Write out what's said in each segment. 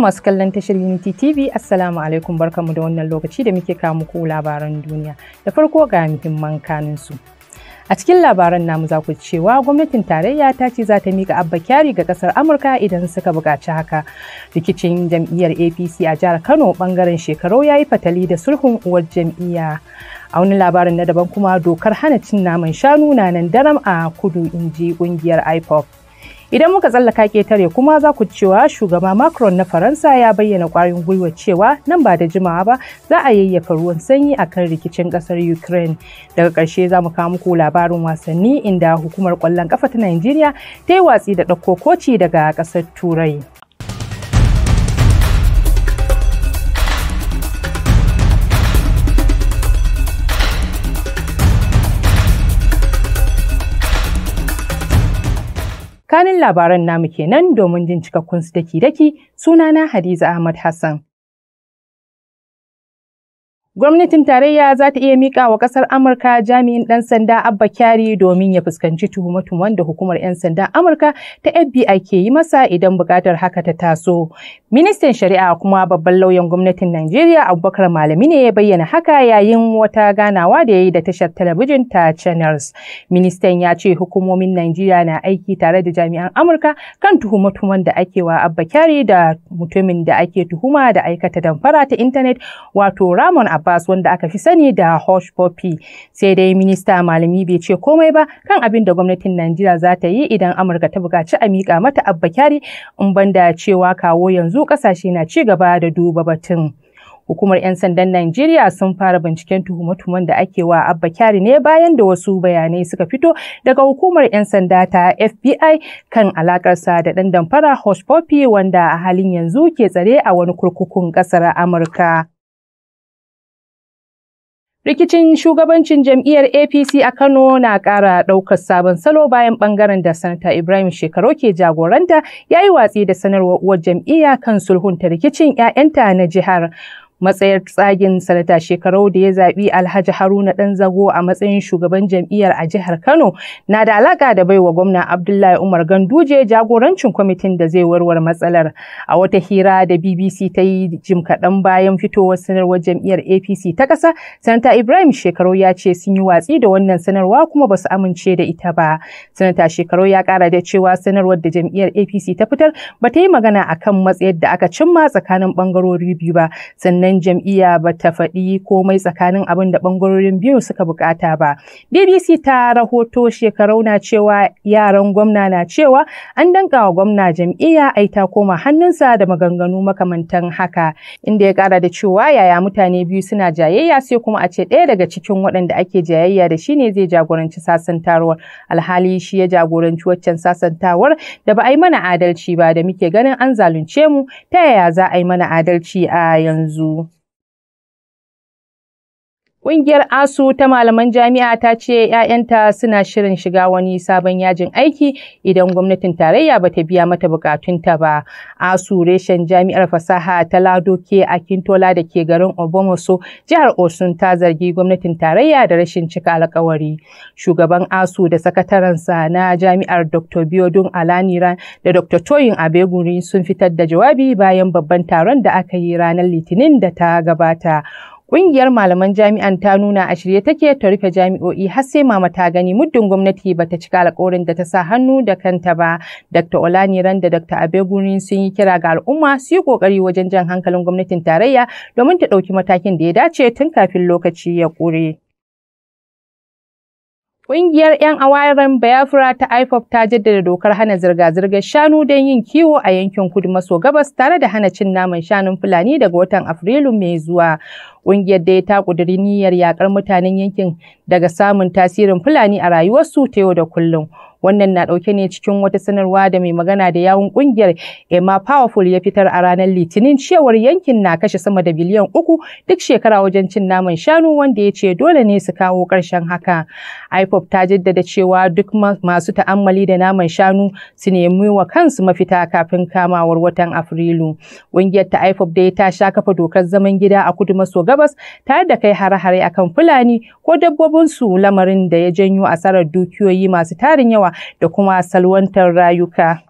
masu kallon tashar Unity TV, Assalamu alaikum barkamu da wannan lokaci da muke kawo muku labaran duniya. Da farko ga muhimman kanin su. A cikin labaran namu za ku cewa gwamnatin tarayya ta ce za ta mika abba kyari ga kasar Amurka idan suka buƙaci haka. Rikicin jam'iyyar APC a jihar Kano ɓangaren shekaru ya yi fatali da sulhun uwar jam'iyya. a wani labarin na daban kuma dokar hana cin naman shanu na nan daram a kudu inji ƙungiyar ipop Idan muka tsallaka ketare kuma za ku cewa shugaba Macron na Faransa ya bayyana kwarin gwiwa cewa nan ba da jimawa ba za a yayyafa ruwan sanyi a kan rikicin kasar Ukraine. Daga karshe za mu kawo muku labarin wasanni inda hukumar kwallon kafa ta nigeria ta yi watsi da ɗauko koci daga ƙasar Turai. tsakanin labaran namu kenan domin jin cikakkun su daki-daki sunana Hadiza Ahmad Hassan. Gwamnatin tarayya za ta iya miƙa wa ƙasar Amurka jami'in ɗan sanda Abba Kyari domin ya fuskanci tuhumatun wanda hukumar 'yan sanda Amurka ta FBI ke yi masa idan buƙatar haka ta taso. Ministan Shari'a kuma babban lauyan gwamnatin Najeriya Abubakar Malami ne ya bayyana haka yayin wata ganawa da ya yi da tashar talabijin ta Channels. Ministan ya ce hukumomin Najeriya na aiki tare da jami'an Amurka kan tuhumatun wanda da ake wa Abba Kyari da mutumin da ake tuhuma da aikata damfara ta intanet wato Ramon Abba Abbas wanda aka fi sani da Hush Poppy. Sai dai minista malami bai ce komai ba kan abin da gwamnatin Najeriya za ta yi idan Amurka ta buƙaci a miƙa mata Abba Kyari in banda cewa kawo yanzu ƙasashe na ci gaba da duba batun. Hukumar 'yan sandan Najeriya sun fara binciken tuhume-tuhumen da ake wa Abba Kyari ne bayan da wasu bayanai suka fito daga hukumar 'yan sanda ta FBI kan alakarsa da ɗan damfara Hush wanda a halin yanzu ke tsare a wani kurkukun ƙasar Amurka. Rikicin shugabancin jam'iyyar APC a Kano na ƙara ɗaukar sabon salo bayan ɓangaren da Sanata Ibrahim shekaru ke jagoranta ya yi watsi da sanarwar uwar jam'iyya kan sulhunta rikicin 'ya'yanta na jihar. matsayar tsagin sanata shekarau da ya zaɓi alhaji haruna ɗan zago a matsayin shugaban jam'iyyar a jihar kano na da alaƙa da baiwa gwamna abdullahi umar ganduje jagorancin kwamitin da zai warware matsalar a wata hira da bbc ta yi jim kaɗan bayan fitowar sanarwar jam'iyyar apc ta ƙasa sanata ibrahim shekarau ya ce sun yi watsi da wannan sanarwa kuma ba su amince da ita ba sanata shekarau ya ƙara da cewa sanarwar da jam'iyyar apc ta fitar ba ta yi magana akan matsayar da aka cimma tsakanin ɓangarori biyu ba sannan nan jam'iyya ba ta faɗi komai tsakanin abin da ɓangarorin biyu suka bukata ba. BBC ta rahoto shekarau na cewa yaran gwamna na cewa an danka wa gwamna jam'iyya ai ta koma hannunsa da maganganu makamantan haka. Inda ya ƙara da cewa yaya mutane biyu suna jayayya sai kuma a ce ɗaya daga cikin waɗanda ake jayayya da shi ne zai jagoranci taruwar, Alhali shi ya jagoranci waccan sasantawar da ba a yi mana adalci ba da muke ganin an zalunce mu ta yaya za a yi mana adalci a yanzu. Ƙungiyar ASU ta malaman jami'a ta ce 'ya'yanta suna shirin shiga wani sabon yajin aiki idan gwamnatin tarayya ba ta biya mata bukatunta ba. ASU reshen jami'ar fasaha ta lado a Kintola da ke garin Obomoso, jihar Osun ta zargi gwamnatin tarayya da rashin cika alkawari. Shugaban ASU da sakatarensa na jami'ar Dr. Biodun Alaniran da Dr. Toyin Abeguri sun fitar da jawabi bayan babban taron da aka yi ranar Litinin da ta gabata. Ƙungiyar malaman jami'an ta nuna a shirye take ta rufe jami'o'i har sai mama ta gani muddin gwamnati ba ta cika alƙawarin da ta sa hannu da kanta ba. Dr. Olani ran da Dr. Abeguni sun yi kira ga al'umma su yi ƙoƙari wajen jan hankalin gwamnatin tarayya domin ta ɗauki matakin da ya dace tun kafin lokaci ya ƙure. Ƙungiyar 'yan awaren Biafra ta IFOP ta jaddada dokar hana zirga-zirgar shanu don yin kiwo a yankin kudu maso gabas tare da hana cin naman shanun Fulani daga watan Afrilu mai zuwa. Ƙungiyar dai ta ƙudiri niyyar yaƙar mutanen yankin daga samun tasirin Fulani a rayuwarsu ta yau da kullum. Wannan na ɗauke ne cikin wata sanarwa da mai magana da yawun ƙungiyar Emma Powerful ya fitar a ranar Litinin cewar yankin na kashe sama da biliyan uku duk shekara wajen cin naman shanu wanda ya ce dole ne su kawo karshen haka. IPOP ta jaddada cewa duk masu ta'ammali da naman shanu su nemi wa kansu mafita kafin kamawar watan Afrilu. Ƙungiyar ta IPOP dai ta sha kafa dokar zaman gida a kudu maso gabas tare da kai hare-hare akan Fulani ko dabbobin su lamarin da ya janyo asarar dukiyoyi masu tarin yawa yawa da kuma salwantar rayuka.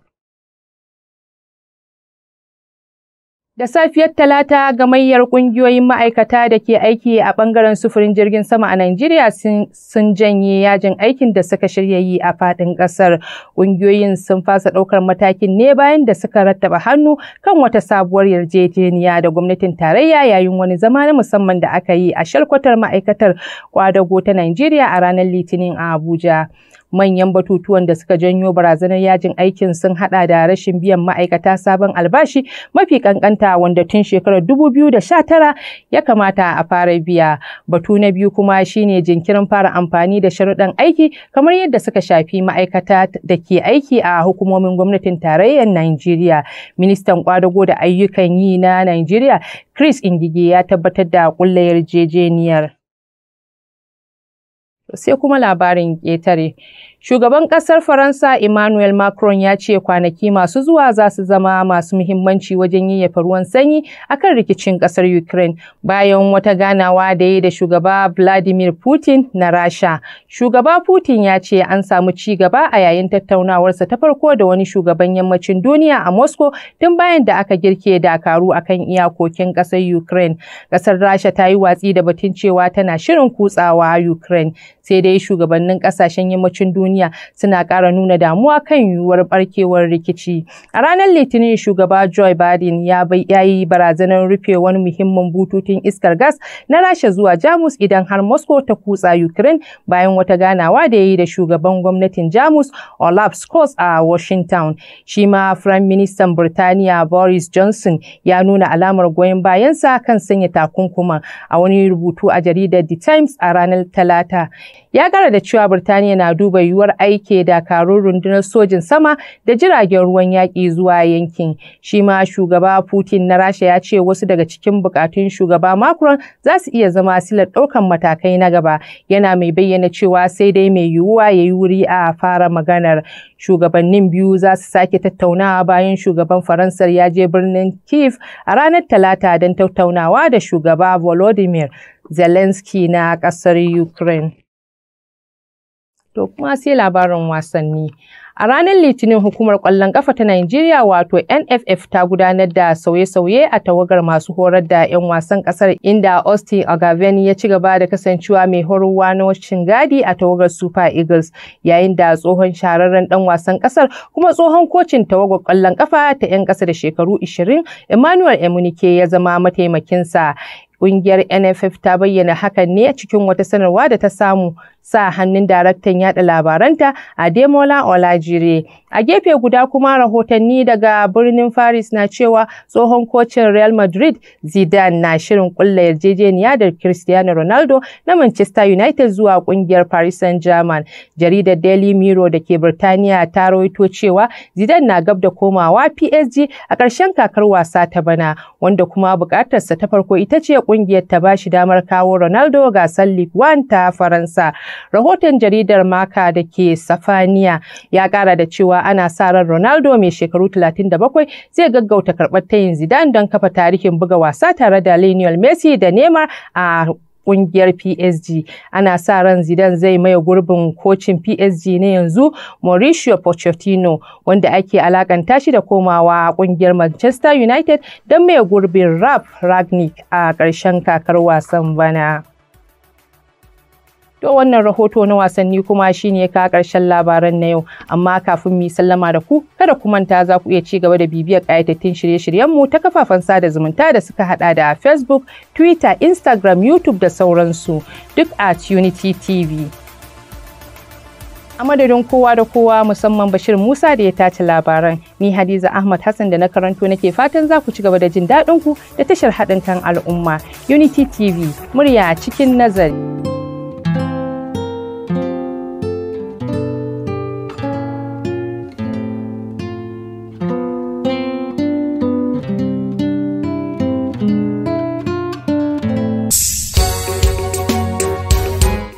Da safiyar Talata, gamayyar ƙungiyoyin ma'aikata da ke aiki a ɓangaren sufurin jirgin sama a Najeriya sun janye yajin aikin da suka shirya yi a faɗin ƙasar. Ƙungiyoyin sun fasa ɗaukar matakin ne bayan da suka rattaba hannu kan wata sabuwar yarjejeniya da gwamnatin tarayya yayin wani zama na musamman da aka yi a shalkwatar ma'aikatar kwadago ta Najeriya a ranar Litinin a Abuja. manyan batutuwan da suka janyo barazanar yajin aikin sun hada da rashin biyan ma'aikata sabon albashi mafi kankanta wanda tun shekarar biyu da sha tara ya kamata a fara biya batu na biyu kuma shine jinkirin fara amfani da sharuɗan aiki kamar yadda suka shafi ma'aikata da ke aiki a hukumomin gwamnatin tarayyar Najeriya ministan kwadago da ayyukan yi na Najeriya Chris Ingige ya tabbatar da kullayar jejeniyar. sai kuma labarin ƙetare Shugaban ƙasar Faransa Emmanuel Macron ya ce kwanaki masu zuwa za su zama masu muhimmanci wajen yayyafa ruwan sanyi akan rikicin ƙasar Ukraine bayan wata ganawa da ya da shugaba Vladimir Putin na Rasha. Shugaba Putin ya ce an samu ci gaba a yayin tattaunawarsa ta farko da wani shugaban yammacin duniya a Moscow tun bayan da aka girke dakaru akan iyakokin ƙasar Ukraine. Ƙasar Rasha ta yi watsi da batun cewa tana shirin kutsawa Ukraine sai dai shugabannin ƙasashen yammacin duniya duniya suna ƙara nuna damuwa kan yiwuwar ɓarkewar rikici. A ranar Litinin shugaba Joe Biden ya yi barazanar rufe wani muhimmin bututun iskar gas na Rasha zuwa Jamus idan har Moscow ta kutsa Ukraine bayan wata ganawa da ya yi da shugaban gwamnatin Jamus Olaf Scholz a Washington. Shi ma Firayim Ministan Birtaniya Boris Johnson ya nuna alamar goyon bayansa kan sanya takunkuma a wani rubutu a jaridar The Times a ranar Talata. ya kara da cewa Birtaniya na duba yiwuwar aike dakarun rundunar sojin sama da jiragen ruwan yaƙi zuwa yankin. Shi ma shugaba Putin na Rasha ya ce wasu daga cikin bukatun shugaba Macron za su iya zama silar ɗaukan matakai na gaba. Yana mai bayyana cewa sai dai mai yiwuwa ya yi wuri a fara maganar. Shugabannin biyu za su sake tattaunawa bayan shugaban faransa ya je birnin Kiev a ranar Talata don tattaunawa da shugaba Volodymyr Zelensky na ƙasar Ukraine. To kuma sai labarin wasanni. A ranar Litinin hukumar ƙwallon ƙafa ta Najeriya wato NFF ta gudanar da sauye-sauye a tawagar masu horar da 'yan wasan ƙasar inda Austin Agaveni ya ci gaba da kasancewa mai horarwa na wacin gadi a tawagar Super Eagles yayin da tsohon shahararren ɗan wasan ƙasar kuma tsohon kocin tawagar ƙwallon ƙafa ta 'yan ƙasa da shekaru 20 Emmanuel Emunike ya zama mataimakinsa. Ƙungiyar NFF ta bayyana hakan ne cikin wata sanarwa da ta samu sa hannun daraktan yada labaranta a demola Olajire. A gefe guda kuma rahotanni daga birnin Paris na cewa tsohon kocin Real Madrid Zidane na shirin kulla yarjejeniya da Cristiano Ronaldo na Manchester United zuwa kungiyar Paris Saint-Germain. Jaridar Daily Mirror da ke Birtaniya ta rawaito cewa Zidane na gab da komawa PSG a ƙarshen kakar wasa ta bana wanda kuma buƙatarsa ta farko ita ce kungiyar ta ba shi damar kawo Ronaldo gasar Ligue 1 ta Faransa. Rahoton jaridar Maka da ke Safaniya ya kara da cewa ana sa ran Ronaldo mai shekaru 37 zai gaggauta karɓar tayin Zidane don kafa tarihin buga wasa tare da Lionel Messi da Neymar a kungiyar PSG. Ana sa ran Zidane zai maye gurbin kocin PSG na yanzu Mauricio Pochettino wanda ake alakanta shi da komawa kungiyar Manchester United don maye gurbin Ralph Ragnick a ƙarshen kakar wasan bana. To wannan rahoto na wasanni kuma shine ya karshen ƙarshen labaran na yau, amma kafin mu sallama da ku, kada ku manta za ku iya ci gaba da bibiyar ƙayatattun shirye-shiryenmu ta kafafen sada zumunta da suka hada da Facebook, Twitter, Instagram, YouTube da sauransu duk a Unity TV. A madadin kowa da kowa musamman Bashir Musa da ya tace labaran, ni Hadiza Ahmad Hassan da na karanto nake fatan za ku ci gaba da jin daɗinku da tashar haɗin kan al'umma Unity TV, murya cikin nazari.